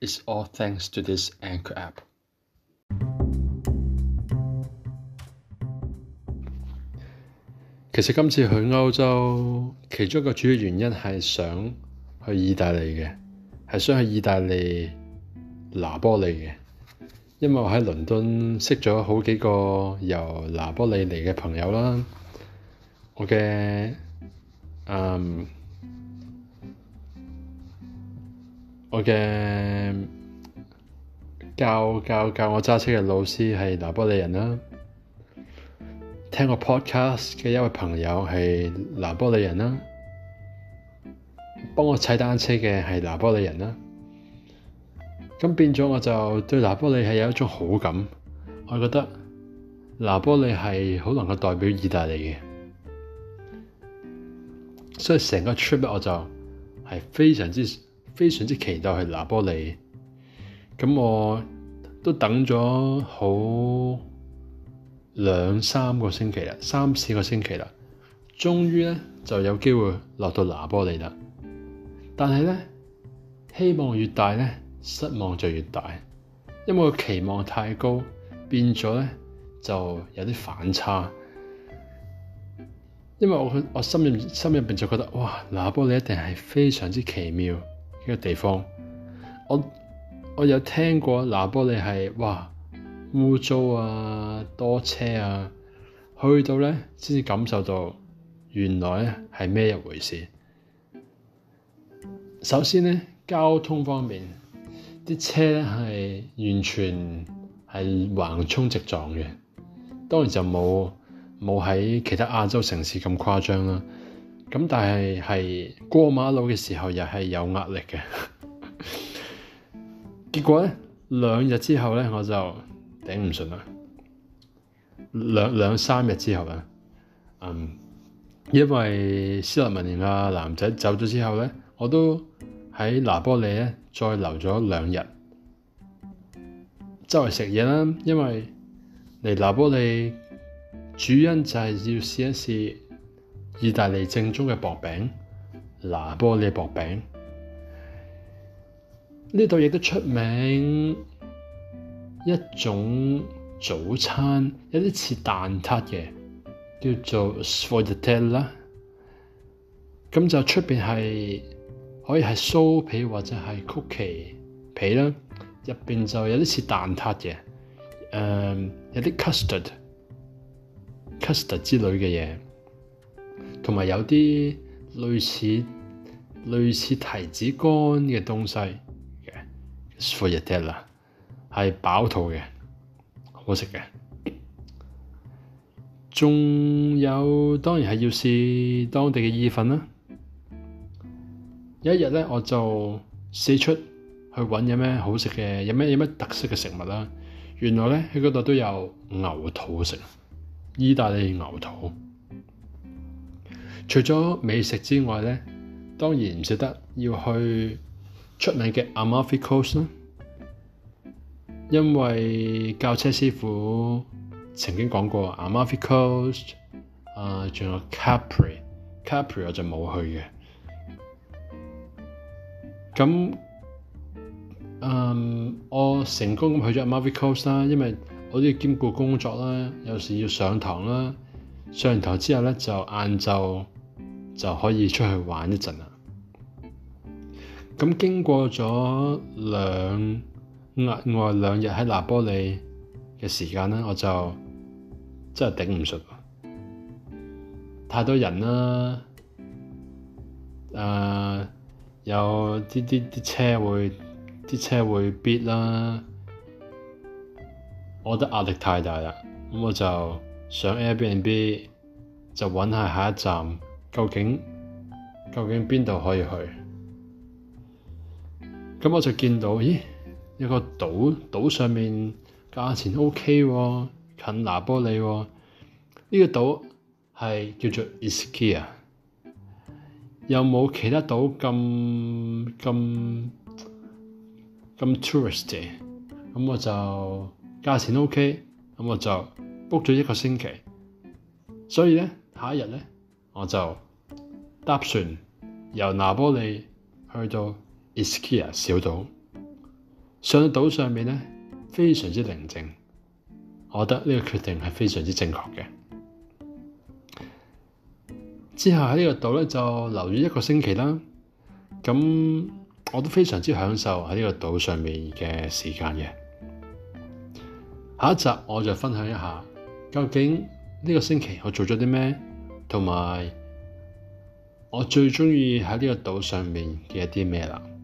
It's all thanks to this anchor app。其實今次去歐洲，其中一個主要原因係想去意大利嘅，係想去意大利拿波利嘅，因為我喺倫敦識咗好幾個由拿波利嚟嘅朋友啦。我嘅，嗯、um。我嘅教教教我揸車嘅老師係拿玻里人啦，聽我 podcast 嘅一位朋友係拿玻里人啦，幫我踩單車嘅係拿玻里人啦，咁變咗我就對拿玻里係有一種好感，我覺得拿玻里係好能夠代表意大利嘅，所以成個 trip 我就係非常之。非常之期待去拿波里。咁我都等咗好兩三個星期啦，三四個星期啦，終於咧就有機會落到拿波里啦。但係呢，希望越大咧，失望就越大，因為期望太高，變咗咧就有啲反差。因為我，我心入心入就覺得哇，拿波里一定係非常之奇妙。一個地方，我我有聽過拿波里係哇，污糟啊，多車啊，去到咧先至感受到原來咧係咩一回事。首先咧，交通方面啲車咧係完全係橫衝直撞嘅，當然就冇冇喺其他亞洲城市咁誇張啦。咁但係係過馬路嘅時候又係有壓力嘅， 結果咧兩日之後咧我就頂唔順啦，兩兩三日之後啊，嗯，因為斯洛文尼亞男仔走咗之後咧，我都喺拿波利咧再留咗兩日，周圍食嘢啦，因為嚟拿波利主因就係要試一試。意大利正宗嘅薄餅，拿波里薄餅，呢度亦都出名一種早餐，有啲似蛋撻嘅，叫做 sfogliatella 啦。咁就出邊係可以係酥皮或者係曲奇皮啦，入面就有啲似蛋撻嘅，誒、呃、有啲 custard、custard 之類嘅嘢。同埋有啲類似類似提子乾嘅東西嘅，yeah，for a day 啦，係飽肚嘅，好食嘅。仲有當然係要試當地嘅意粉啦。有一日咧，我就四出去揾有咩好食嘅，有咩有咩特色嘅食物啦。原來咧，佢嗰度都有牛肚食，意大利牛肚。除咗美食之外咧，當然唔少得要去出名嘅 Amalfi Coast 啦。因為教車師傅曾經講過 Amalfi Coast 啊，仲、呃、有 Capri，Capri 我就冇去嘅。咁，嗯，我成功咁去咗 Amalfi Coast 啦，因為我都要兼顧工作啦，有時要上堂啦，上完堂之後咧就晏晝。就可以出去玩一陣啦。咁經過咗兩額外兩日喺拿波利嘅時間咧，我就真係頂唔順，太多人啦。誒、呃，有啲啲啲車會啲車會 bit 啦，我覺得壓力太大啦。咁我就上 Airbnb 就揾下下一站。究竟究竟邊度可以去？咁我就見到，咦，有個島，島上面價錢 OK 喎，近拿玻利喎。呢個島係叫做 Ischia，有冇其他島咁咁咁 touristy？咁我就價錢 OK，咁我就 book 咗一個星期。所以咧，下一日咧，我就。搭船由拿波利去到 Ischia 小島，上到島上面呢，非常之寧靜，我覺得呢個決定係非常之正確嘅。之後喺呢個島呢，就留住一個星期啦，咁我都非常之享受喺呢個島上面嘅時間嘅。下一集我就分享一下究竟呢個星期我做咗啲咩，同埋。我最鍾意喺呢個島上面嘅一啲咩啦～